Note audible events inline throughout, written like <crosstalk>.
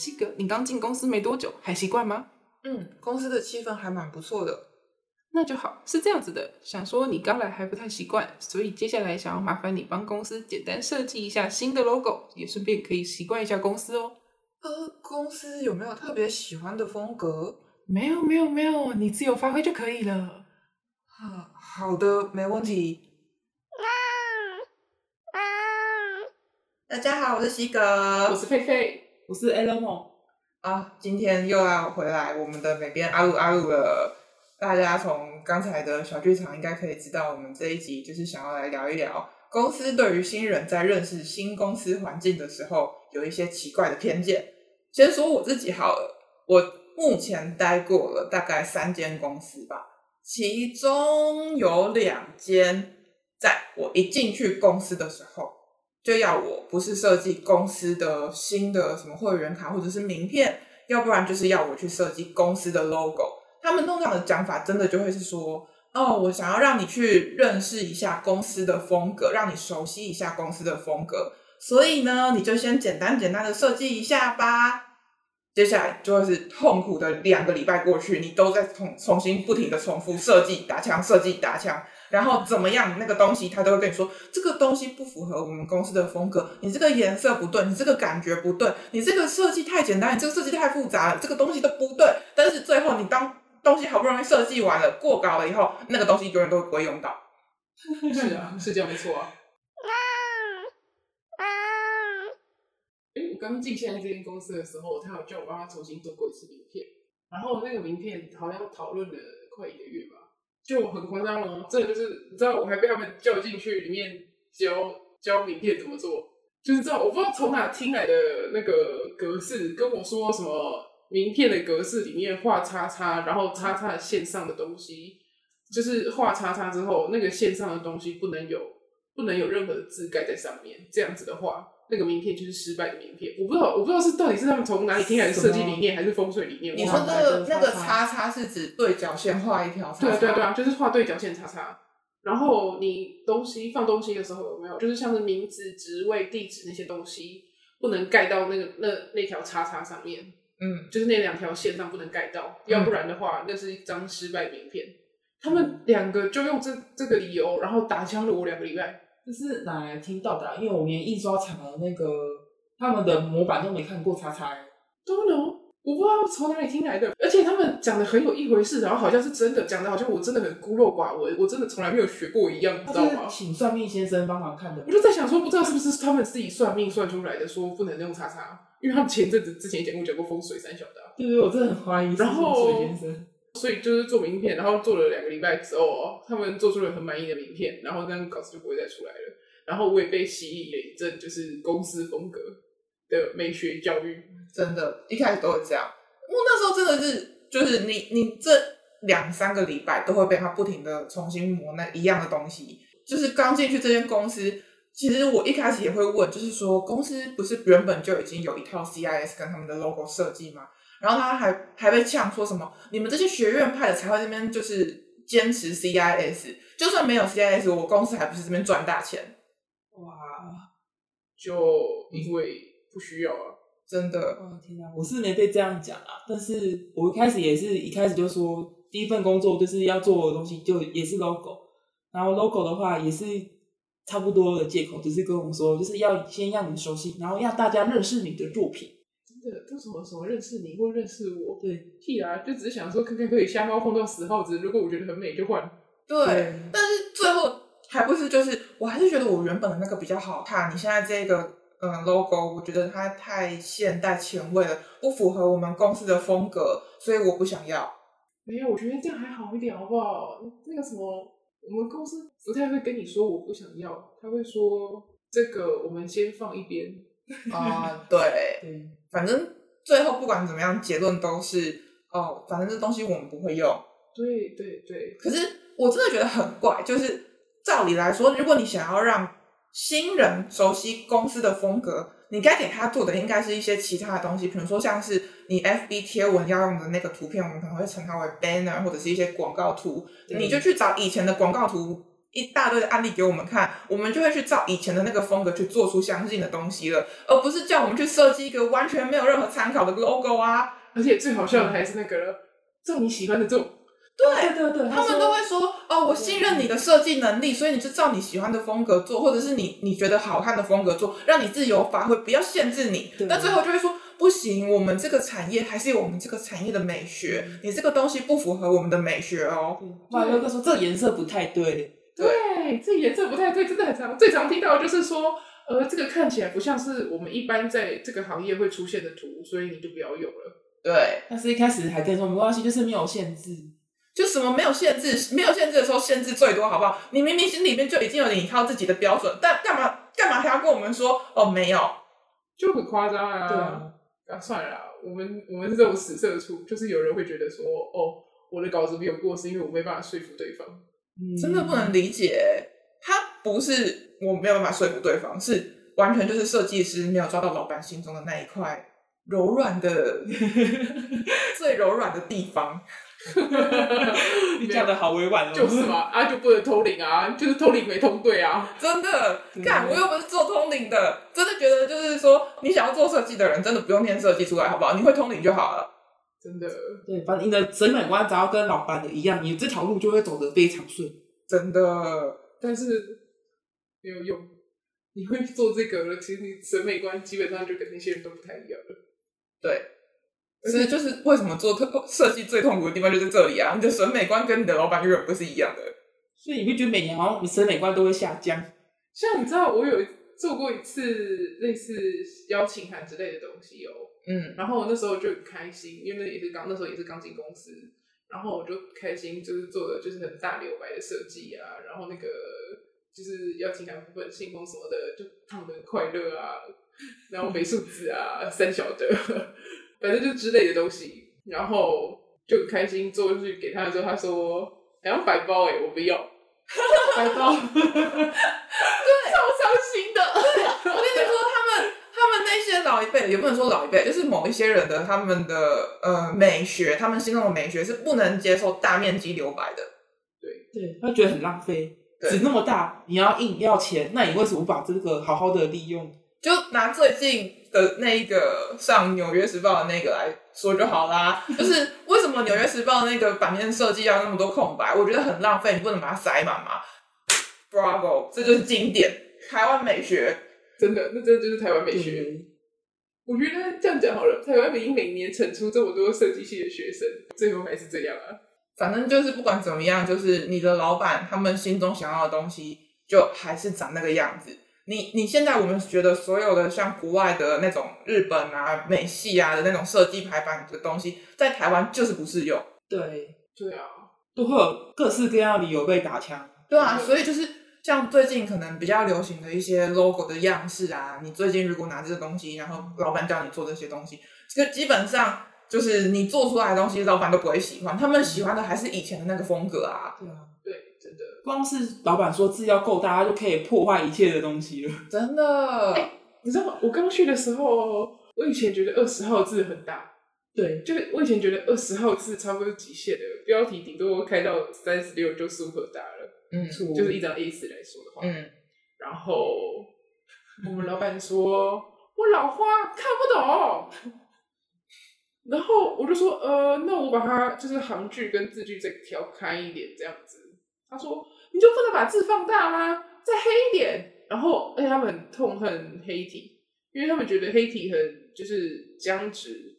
西哥，你剛進公司沒多久，還習慣嗎？嗯，公司的氣氛還蠻不錯的。那就好，是這樣子的，想說你剛來還不太習慣，所以接下來想要麻煩你幫公司簡單設計一下新的 logo，也順便可以習慣一下公司哦。呃，公司有沒有特別喜歡的風格？沒有，沒有，沒有，你自由發揮就可以了。啊，好的，沒問題。啊啊！啊大家好，我是西哥，我是菲菲。我是 Alamo、哦、啊，今天又要回來我們的美編阿魯阿魯了。大家從剛才的小劇場應該可以知道，我們這一集就是想要來聊一聊公司對於新人在認識新公司環境的時候有一些奇怪的偏見。先說我自己好了，我目前待過了大概三間公司吧，其中有兩間在我一進去公司的時候。就要我不是設計公司的新的什麼會員卡或者是名片，要不然就是要我去設計公司的 logo。他們通常的講法，真的就會是說，哦，我想要讓你去認識一下公司的風格，讓你熟悉一下公司的風格。所以呢，你就先簡單簡單的設計一下吧。接下來就會是痛苦的兩個禮拜過去，你都在重重新不停的重複，設計打槍，設計打槍。然後怎麼樣？那個東西他都會跟你說，這個東西不符合我們公司的風格，你這個顏色不對，你這個感覺不對，你這個設計太簡單，你這個設計太複雜了，這個東西都不對。但是最後你當東西好不容易設計完了，過稿了以後，那個東西永遠都不會用到。是啊，是這樣沒錯啊。我 <laughs> 剛進現在這間公司的時候，他有叫我幫他重新做過一次名片，然後那個名片好像討論了快一個月吧。就很誇張哦，這就是你知道，我還被他們叫進去裡面教教名片怎麼做，就是這種我不知道從哪聽來的那個格式，跟我說什麼名片的格式裡面畫叉叉，然後叉叉線上的東西就是畫叉叉之後，那個線上的東西不能有不能有任何的字蓋在上面，這樣子的話。那個名片就是失敗的名片，我不知道，我不知道是到底是他們從哪裡聽來的設計理念，還是風水理念？你說那個那個叉叉，叉叉是指對角線畫一條叉叉？對對對啊，就是畫對角線叉叉。然後你東西放東西的時候有沒有，就是像是名字、職位、地址那些東西不能蓋到那個那那條叉叉上面？嗯，就是那兩條線上不能蓋到，要不然的話那是一張失敗名片。嗯、他們兩個就用這這個理由，然後打槍了我兩個禮拜。就是哪來聽到的、啊，因為我連印刷廠的那個他們的模板都沒看過叉叉、欸，都能、哦，我不知道從哪裡聽來的，而且他們講的很有一回事，然後好像是真的，講的好像我真的很孤陋寡聞，我真的從來沒有學過一樣，你知道嗎？請算命先生幫忙看的，我就在想說，不知道是不是他們自己算命算出來的，說不能用叉叉，因為他們前陣子之前節目講過風水三小的、啊，對，對對，我真的很懷疑風水先生，然後。所以就是做名片，然後做了兩個禮拜之後哦，他們做出了很滿意的名片，然後那樣稿子就不會再出來了。然後我也被吸引了一陣，就是公司風格的美學教育，真的，一開始都會這樣。我那時候真的是，就是你你這兩三個禮拜都會被他不停的重新磨那一樣的東西。就是剛進去這間公司，其實我一開始也會問，就是說公司不是原本就已經有一套 CIS 跟他們的 logo 設計嗎？然後他還還被嗆，說什麼你們這些學院派的才會這邊就是堅持 CIS，就算沒有 CIS，我公司還不是這邊賺大錢？哇！就因為不需要啊，真的、哦，天啊。我是沒被這樣講啊，但是我一開始也是一開始就說第一份工作就是要做的東西就也是 logo，然後 logo 的話也是差不多的借口，只是跟我們說就是要先讓你熟悉，然後讓大家認識你的作品。對，都什麼時候認識你或認識我？對，屁啊，就只是想說看看可以瞎貓碰到死耗子，如果我覺得很美就換。對，對但是最後還不是就是，我還是覺得我原本的那個比較好看。你現在這個嗯 logo，我覺得它太現代前衛了，不符合我們公司的風格，所以我不想要。沒有，我覺得這樣還好一點，好不好？那個什麼，我們公司不太會跟你說我不想要，他會說這個我們先放一邊。啊， <laughs> uh, 對，嗯、反正最後不管怎麼樣，結論都是哦，反正這東西我們不會用。對對對，對對可是我真的覺得很怪，就是照理來說，如果你想要讓新人熟悉公司的風格，你該給他做的應該是一些其他的東西，比如說像是你 FB 貼文要用的那個圖片，我們可能會稱它為 banner 或者是一些廣告圖，嗯、你就去找以前的廣告圖。一大堆的案例給我們看，我們就會去照以前的那個風格去做出相近的東西了，而不是叫我們去設計一個完全沒有任何參考的 logo 啊。而且最好笑的還是那個，照你喜歡的做。對，哦、對對對，他們說都會說：“哦，我信任你的設計能力，嗯、所以你就照你喜歡的風格做，或者是你你覺得好看的風格做，讓你自由發揮，不要限制你。對”那最後就會說：“不行，我們這個產業還是有我們這個產業的美學，你這個東西不符合我們的美學哦。嗯”馬哥他說：“這個、顏色不太對。”對，對，這顏色不太對，真的很常，最常聽到的就是說，呃，這個看起來不像是我們一般在這個行業會出現的圖，所以你就不要用了。對，但是一開始還跟你說沒關係，就是沒有限制，就什麼沒有限制，沒有限制的時候限制最多，好不好？你明明心裡面就已經有你靠自己的標準，但幹嘛幹嘛還要跟我們說哦沒有，就很誇張啊！對啊，算了啦，我們我們是這種死社畜。就是有人會覺得說，哦，我的稿子沒有過是因為我沒辦法說服對方。嗯，真的不能理解，他不是我沒有辦法說服對方，是完全就是設計師沒有抓到老闆心中的那一塊柔軟的 <laughs> 最柔軟的地方。 <laughs> <laughs> 你講的好委婉哦，就是嘛，啊就不能通靈啊，就是通靈沒通對啊，真的，看 <laughs> 我又不是做通靈的，真的覺得就是說，你想要做設計的人，真的不用念設計出來好不好？你會通靈就好了。真的，對，反正你的審美觀只要跟老闆的一樣，你這條路就會走得非常順。真的，但是沒有用。你會做這個了，其實你審美觀基本上就跟那些人都不太一樣了。對，而且就是為什麼做特設計最痛苦的地方就是這裡啊，你的審美觀跟你的老闆永遠不是一樣的。所以你會覺得每年好像你審美觀都會下降。像你知道我有。做過一次類似邀請函之類的東西哦、喔，嗯，然後我那時候就很開心，因為那也是剛那時候也是剛進公司，然後我就開心，就是做的就是很大留白的設計啊，然後那個就是邀請函部分信封什麼的，就燙的快樂啊，然後美術字啊 <laughs> 三小的，反正就之類的東西，然後就很開心做出去給他的時候，他說還要白包欸，我不要。白刀，對，超傷心的。 <laughs> 對 <laughs> 我跟你說，他們，他們那些老一輩， <laughs> 也不能說老一輩，就是某一些人的，他們的呃美學，他們心中的美學是不能接受大面積留白的。對，對他覺得很浪費，紙對那麼大，你要硬要錢，那你為什麼不把這個好好的利用？就拿最近。的那一個上《紐約時報》的那個來說就好啦，就是為什麼《紐約時報》那個版面設計要那麼多空白？我覺得很浪費，你不能把它塞滿嗎？Bravo，這就是經典台灣美學，真的，那真的就是台灣美學。嗯、我覺得這樣講好了，台灣明明每年產出這麼多設計系的學生，最後還是這樣啊。反正就是不管怎麼樣，就是你的老板，他們心中想要的東西，就還是長那個樣子。你你現在我們覺得所有的像國外的那種日本啊、美系啊，的那種設計排版的東西，在台灣就是不適用。對，對啊，都會有各式各樣理由被打槍。對啊，對，所以就是像最近可能比較流行的一些 logo 的樣式啊，你最近如果拿這個東西，然後老闆叫你做這些東西，就基本上就是你做出來的東西，老闆都不會喜歡。他們喜歡的還是以前的那個風格啊。對啊。光是老闆說字要夠大，他就可以破壞一切的東西了。真的，欸，你知道嗎？我剛去的時候，我以前覺得二十號字很大，對，就是我以前覺得二十號字差不多是極限的，標題頂多開到三十六就舒服大了。嗯，就是一張 A 四來說的話。嗯，然後我們老闆說，嗯、我老花看不懂， <laughs> 然後我就說，呃，那我把它就是行距跟字距再調開一點，這樣子。他說：“你就不能把字放大嗎？再黑一點。然後，而且他們很痛恨黑體，因為他們覺得黑體很就是僵直。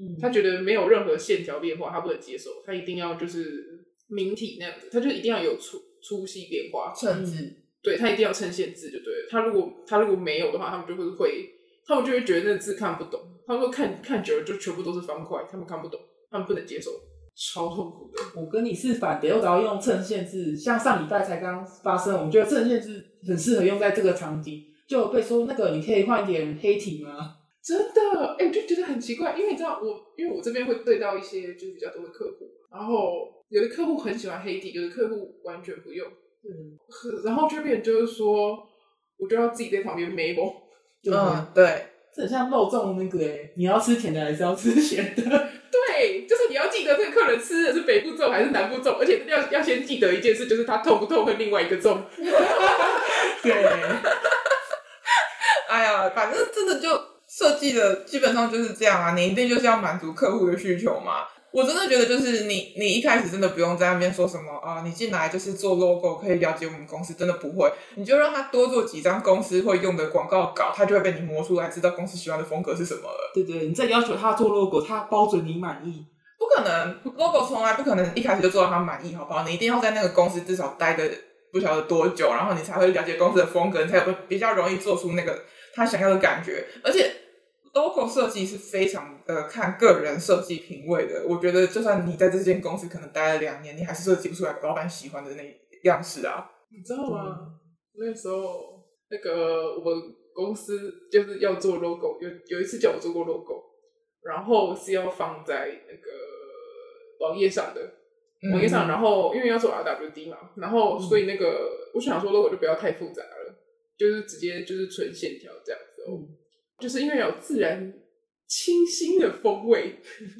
嗯、他覺得沒有任何線條變化，他不能接受。他一定要就是明體那樣子，他就一定要有粗粗細變化，襯字、嗯。對，他一定要襯線字就對了。他如果他如果沒有的話，他們就會會，他們就會覺得那個字看不懂。他們會看看久了就全部都是方塊，他們看不懂，他們不能接受。”超痛苦的！我跟你是反的，我主要用襯線字，像上禮拜才剛發生，我覺得襯線字很適合用在這個場景，就被說那個，你可以換一點黑體嗎？真的，哎、欸，我就覺得很奇怪，因為你知道我，因為我這邊會對到一些就是比較多的客戶，然後有的客戶很喜歡黑體，有的客戶完全不用，嗯、然後這邊就是說，我就要自己在旁邊描，嗯，嗯對，這很像肉粽那個哎、欸，你要吃甜的還是要吃鹹的？對，就是。你要記得這個客人吃的是北部粽還是南部粽？而且要要先記得一件事，就是他痛不痛會另外一個粽。 <laughs> 對， <laughs> 哎呀，反正真的就設計的基本上就是這樣啊，你一定就是要滿足客戶的需求嘛。我真的覺得就是你你一開始真的不用在那邊說什麼啊、呃，你進來就是做 logo 可以了解我們公司，真的不會，你就讓他多做幾張公司會用的廣告稿，他就會被你磨出來，知道公司喜歡的風格是什麼了。對，對對，你再要求他做 logo，他包準你滿意。不可能，logo 從來不可能一開始就做到他滿意，好不好？你一定要在那個公司至少待個不曉得多久，然後你才會了解公司的風格，你才會比較容易做出那個他想要的感覺。而且 logo 設計是非常的、呃、看個人設計品味的。我覺得，就算你在這間公司可能待了兩年，你還是設計不出來老闆喜歡的那樣式啊。你知道嗎？嗯、那時候那個我們公司就是要做 logo，有有一次叫我做過 logo，然後是要放在那個。網頁上的網頁上，然後、嗯、因為要做 RWD 嘛，然後所以那個、嗯、我想說 logo 就不要太複雜了，就是直接就是純線條這樣子、喔，嗯、就是因為有自然清新的風味。 <laughs>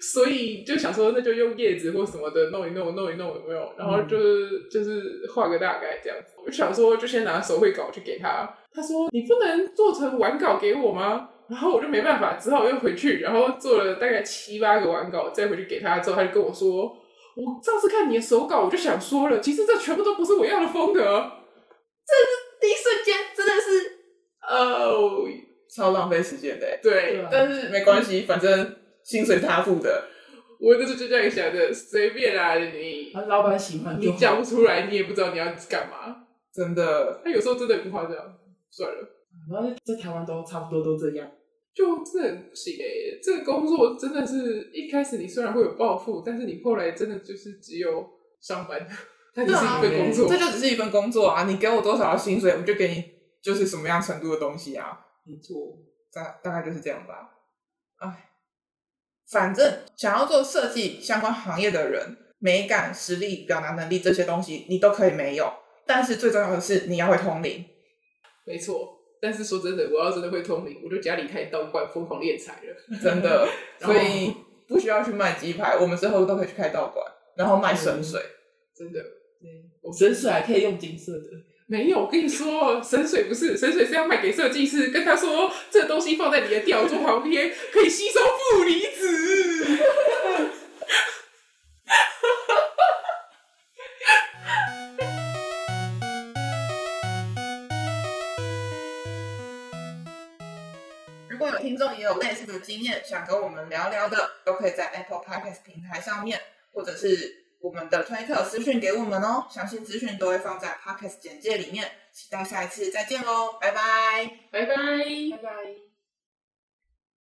所以就想說，那就用葉子或什麼的弄一弄，弄一弄，一弄有沒有？然後就是、嗯、就是畫個大概這樣子。我就想說，就先拿手繪稿去給他。他說：“你不能做成完稿給我嗎？”然後我就沒辦法，只好又回去，然後做了大概七八個完稿，再回去給他。之後他就跟我說：“我上次看你的手稿，我就想說了，其實這全部都不是我要的風格。”這是第一瞬間，真的是哦，呃、超浪費時間的、欸。對，對啊、但是沒關係，反正。薪水他付的，我就是就這樣想着隨便啊。你啊老闆喜歡你講不出來，你也不知道你要幹嘛。真的，他有時候真的也不怕這樣。算了，然後、啊、在台灣都差不多都這樣，就真的很不行、欸、這個工作真的是一開始你雖然會有抱負，但是你後來真的就是只有上班，它只是一份工作、啊，這就只是一份工作啊！你給我多少薪水，我就給你，就是什麼樣程度的東西啊？沒錯，大大概就是這樣吧。哎。反正想要做設計相關行業的人，美感、實力、表達能力這些東西你都可以沒有，但是最重要的是你要會通靈。沒錯，但是說真的，我要真的會通靈，我就家裡開道觀瘋狂斂財了，真的。 <laughs> 後所以不需要去賣雞排，我們之後都可以去開道觀，然後賣神水、嗯，真的。嗯，我神水還可以用金色的。沒有，我跟你說，神水不是，神水是要賣給設計師，跟他說，這個東西放在你的吊桌旁邊，可以吸收負離子。哈哈哈哈哈。如果有聽眾也有類似的經驗，想跟我們聊聊的，都可以在 Apple Podcast 平台上面，或者是。我們的推特私訊給我們哦，詳細資訊都會放在 Podcast 簡介裡面，期待下一次再見哦，拜拜，拜拜，拜拜。